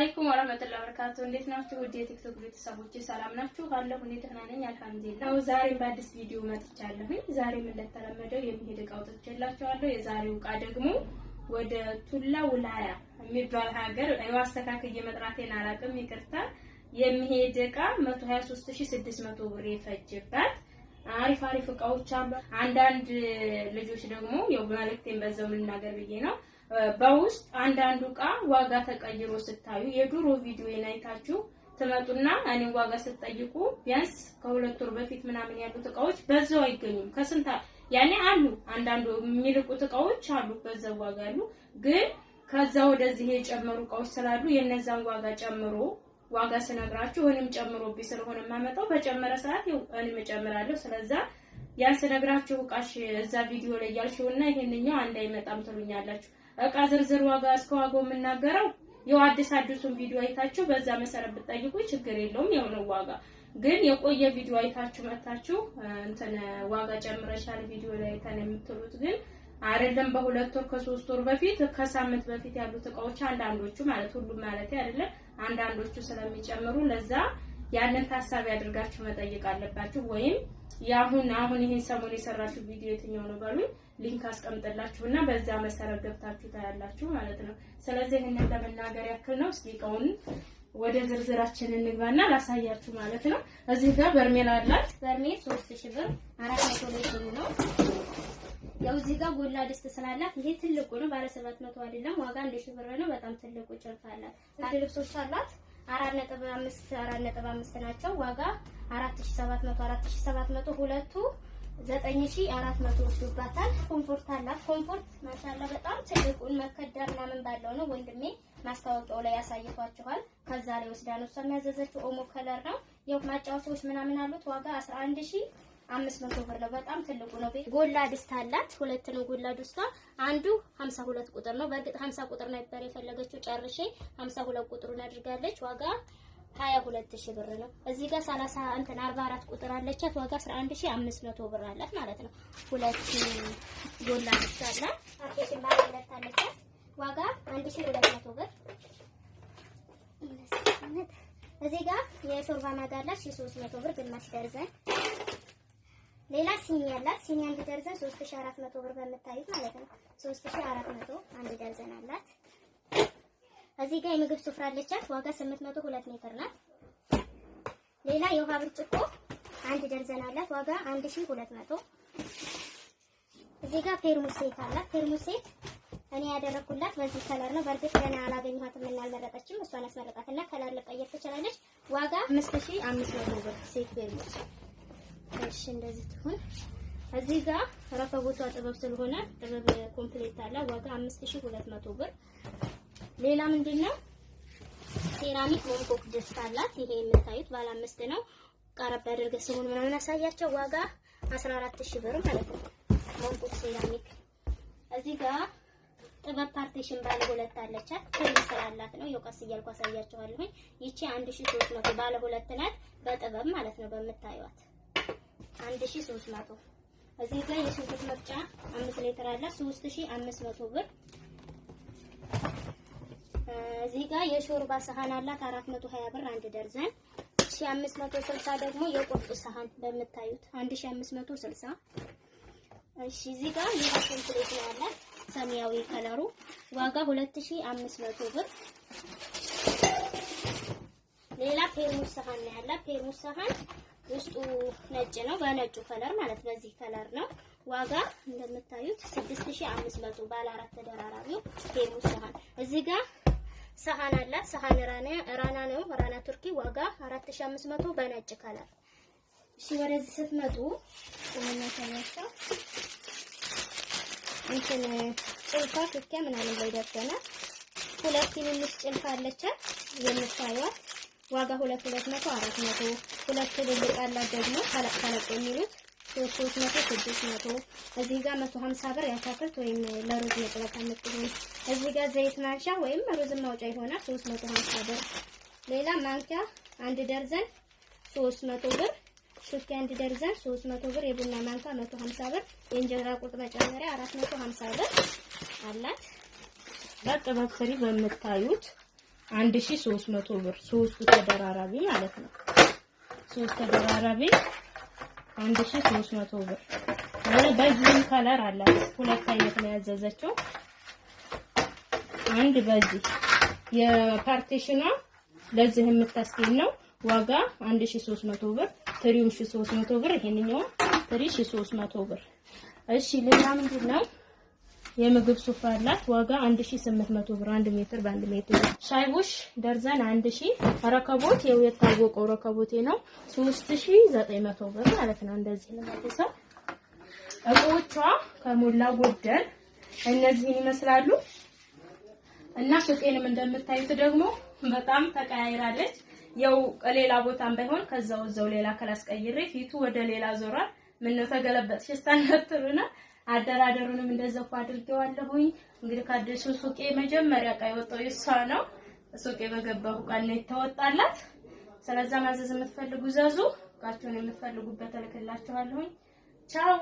አለይኩም ወራህመቱላሂ ወበረካቱ። እንዴት ናችሁ? ውድ የቲክቶክ ቤተሰቦች ሰላም ናችሁ? ካለሁ እኔ ደህና ነኝ አልሐምዱሊላህ። ዛሬም በአዲስ ቪዲዮ መጥቻለሁኝ። ዛሬም እንደተለመደው የሚሄድ እቃ አውጥቼላችኋለሁ። የዛሬው እቃ ደግሞ ወደ ቱላ ውላያ የሚባል ሀገር አስተካክዬ መጥራቴን አላውቅም፣ ይቅርታ። የሚሄድ እቃ 123600 ብር የፈጅባት አሪፍ አሪፍ እቃዎች አሉ። አንዳንድ ልጆች ደግሞ ያው መልዕክቴን በዛው ልናገር ብዬ ነው በውስጥ አንዳንዱ እቃ ዋጋ ተቀይሮ ስታዩ የድሮ ቪዲዮ የናይታችሁ ትመጡና እኔን ዋጋ ስትጠይቁ ቢያንስ ከሁለት ወር በፊት ምናምን ያሉት እቃዎች በዛው አይገኙም። ከስንት ያኔ አሉ አንዳንዱ የሚልቁት እቃዎች አሉ በዛው ዋጋ አሉ፣ ግን ከዛ ወደዚህ የጨመሩ እቃዎች ስላሉ የነዛን ዋጋ ጨምሮ ዋጋ ስነግራችሁ እኔም ጨምሮብኝ ስለሆነ የማመጣው በጨመረ ሰዓት እኔም እጨምራለሁ። ስለዛ ያን ስነግራችሁ እቃሽ እዛ ቪዲዮ ላይ ያልሽውና ይሄንኛው አንድ አይመጣም ትሉኛላችሁ። እቃ ዝርዝር ዋጋ እስከ ዋጋው የምናገረው ያው አዲስ አዲሱን ቪዲዮ አይታችሁ በዛ መሰረት ብትጠይቁ ችግር የለውም ያው ነው ዋጋ ግን የቆየ ቪዲዮ አይታችሁ መታችሁ እንትን ዋጋ ጨምረሻል ቪዲዮ ላይ ተነ የምትሉት ግን አይደለም። በሁለት ወር ከሶስት ወር በፊት ከሳምንት በፊት ያሉት እቃዎች አንዳንዶቹ ማለት ሁሉም ማለት አይደለም፣ አንዳንዶቹ ስለሚጨምሩ ለዛ ያንን ታሳቢ አድርጋችሁ መጠየቅ አለባችሁ። ወይም የአሁን አሁን ይህን ሰሞን የሰራችሁ ቪዲዮ የትኛው ነው በሉ ሊንክ አስቀምጥላችሁና በዛ መሰረት ገብታችሁ ታያላችሁ ማለት ነው። ስለዚህ ይህንን ለመናገር ያክል ነው። እስኪ እቃውን ወደ ዝርዝራችን እንግባና ላሳያችሁ ማለት ነው። እዚህ ጋር በርሜል አላት። በርሜል 3000 ብር 400 ብር ነው። ያው እዚህ ጋር ጎላ ድስት ስላላት ይሄ ትልቁ ነው። ባለ 700 አይደለም ዋጋ 1000 ብር ነው። በጣም ትልቁ ጨርቅ አላት። ልብሶች አላት አራት ነጥብ አምስት አራት ነጥብ አምስት ናቸው። ዋጋ አራት ሺህ ሰባት መቶ አራት ሺህ ሰባት መቶ ሁለቱ ዘጠኝ ሺህ አራት መቶ ወስዶባታል። ኮምፎርት አላት። ኮምፎርት ማሻላ በጣም ትልቁን መከዳ ምናምን ባለው ነው ወንድሜ ማስታወቂያው ላይ ያሳይቷችኋል። ከዛ ላይ ወስዳ ነው እሷ የሚያዘዘችው ኦሞ ከለር ነው። ያው ማጫወቻዎች ምናምን አሉት። ዋጋ 11 ሺህ አምስት መቶ ብር ነው። በጣም ትልቁ ነው። ቤት ጎላ ድስት አላት። ሁለት ነው ጎላ ድስቷ። አንዱ 52 ቁጥር ነው። በእርግጥ 50 ቁጥር ነበር የፈለገችው። ጨርሼ 52 ቁጥሩን አድርጋለች። ዋጋ 22000 ብር ነው። እዚህ ጋር 30 እንትን 44 ቁጥር አለቻት። ዋጋ 11500 ብር አላት ማለት ነው። ሁለት ጎላ ድስት አላት። አፕሽን ባለ ሁለት አለቻት። ዋጋ 1200 ብር እዚህ ጋር የሾርባ ማጋ 300 ብር ግማሽ ደርዘን ሌላ ሲኒ ያላት ሲኒ አንድ ደርዘን 3400 ብር በምታዩት ማለት ነው። 3400 አንድ ደርዘን አላት። እዚህ ጋር የምግብ ስፍራ አለቻት። ዋጋ 800 ሁለት ሜትር ናት። ሌላ የውሃ ብርጭቆ አንድ ደርዘን አላት። ዋጋ 1200። እዚህ ጋር ፌርሙስ ሴት አላት። ፌርሙስ ሴት እኔ ያደረኩላት በዚህ ከለር ነው። በእርግጥ ገና አላገኘኋትም እና አልመረጠችም። እሷን አስመረጣትና ከለር ልቀየር ትችላለች። ዋጋ 5500 ብር ሴት ፌርሙስ እሺ እንደዚህ ትሁን። እዚህ ጋር ረከቦቷ ጥበብ ስለሆነ ጥበብ ኮምፕሌት አለ። ዋጋ 5200 ብር። ሌላ ምንድነው ሴራሚክ ወንኮክ ደስታ አላት። ይሄ የምታዩት ባለ አምስት ነው። ቀረብ ያደርገ ሲሆን ምናምን አሳያቸው ዋጋ 14000 ብር ማለት ነው። ወንኮክ ሴራሚክ እዚህ ጋር ጥበብ ፓርቲሽን ባለ ሁለት አለቻት። ትልቅ ስላላት ነው የቀስ እያልኩ አሳያችኋለሁኝ። ይቺ 1300 ባለ ሁለት ናት በጥበብ ማለት ነው በምታዩት አንድ ሺህ ሶስት መቶ እዚህ ጋር የሽንኩርት መፍጫ አምስት ሌትር አለ ሶስት ሺህ አምስት መቶ ብር። እዚህ ጋር የሾርባ ሰሃን አላት አራት መቶ ሀያ ብር አንድ ደርዘን። ሺህ አምስት መቶ ስልሳ ደግሞ የቁርጥ ሰሃን በምታዩት አንድ ሺህ አምስት መቶ ስልሳ እሺ እዚህ ጋር የሽንኩርት ሌት ነው ያላት ሰማያዊ ከለሩ ዋጋ 2500 ብር። ሌላ ፔርሙስ ሰሃን ነው ያላት ፔርሙስ ሰሃን ውስጡ ነጭ ነው። በነጩ ከለር ማለት በዚህ ከለር ነው። ዋጋ እንደምታዩት 6500 ባለ አራት ተደራራቢው ቴርሙስ ሰሃን እዚህ ጋር ሰሃን አላት። ሰሃን ራና ራና ነው፣ ራና ቱርኪ ዋጋ 4500 በነጭ ከለር። እሺ ወደዚህ ስትመጡ ተነሳ እንትን ጭልፋ ክኪያ ምናምን ላይ ደርሰናል። ሁለት ትንንሽ ጭልፋ አለቻት የምታዩት ዋጋ 2200 400 ሁለት ትልልቅ አላት ደግሞ ተለቅ ተለቅ የሚሉት ሶስት መቶ ስድስት መቶ እዚህ ጋር መቶ ሀምሳ ብር ያታክልት ወይም ለሩዝ መጥበሻ የምትሆን እዚህ ጋር ዘይት ማንሻ ወይም ሩዝ ማውጫ ይሆናል ሶስት መቶ ሀምሳ ብር። ሌላ ማንኪያ አንድ ደርዘን ሶስት መቶ ብር። ሽፊ አንድ ደርዘን ሶስት መቶ ብር። የቡና ማንኪያ መቶ ሀምሳ ብር። የእንጀራ ቁርጥ መጨመሪያ አራት መቶ ሀምሳ ብር አላት። በጥበብ ስሪ በምታዩት አንድ ሺህ ሶስት መቶ ብር ሶስቱ ተደራራቢ ማለት ነው። ሶስት ተደራራቢ 1300 ብር። በዚህም ከለር አላት ሁለት አይነት ነው ያዘዘችው። አንድ በዚህ የፓርቲሽኗ ለዚህ የምታስገኝ ነው። ዋጋ 1300 ብር፣ ትሪው 1300 ብር፣ ይሄንኛው ትሪ ብር። እሺ ሌላ ምንድን ነው? የምግብ ሱፍ አላት። ዋጋ 1800 ብር 1 ሜትር በ1 ሜትር። ሻይቦሽ ደርዘን 1000። ረከቦት የው የታወቀው ረከቦቴ ነው 3900 ብር ማለት ነው። እንደዚህ ነው ተሰብ እቃዎቿ ከሞላ ጎደል እነዚህን ይመስላሉ እና ሱቄንም እንደምታዩት ደግሞ በጣም ተቀያይራለች። ያው ሌላ ቦታም ባይሆን ከዛው እዛው ሌላ ክላስ ቀይሬ ፊቱ ወደ ሌላ ዞሯል። ምነው ተገለበጥሽ ስታነትሩና አደራደሩንም እንደዚያ እኮ አድርጌዋለሁኝ። እንግዲህ ከአዲሱ ሱቄ መጀመሪያ ዕቃ የወጣው የእሷ ነው። ሱቄ በገባሁ ቃል ነው የተወጣላት። ስለዛ ማዘዝ የምትፈልጉ ዘዙ። ዕቃችሁን የምትፈልጉበት እልክላችኋለሁኝ። ቻው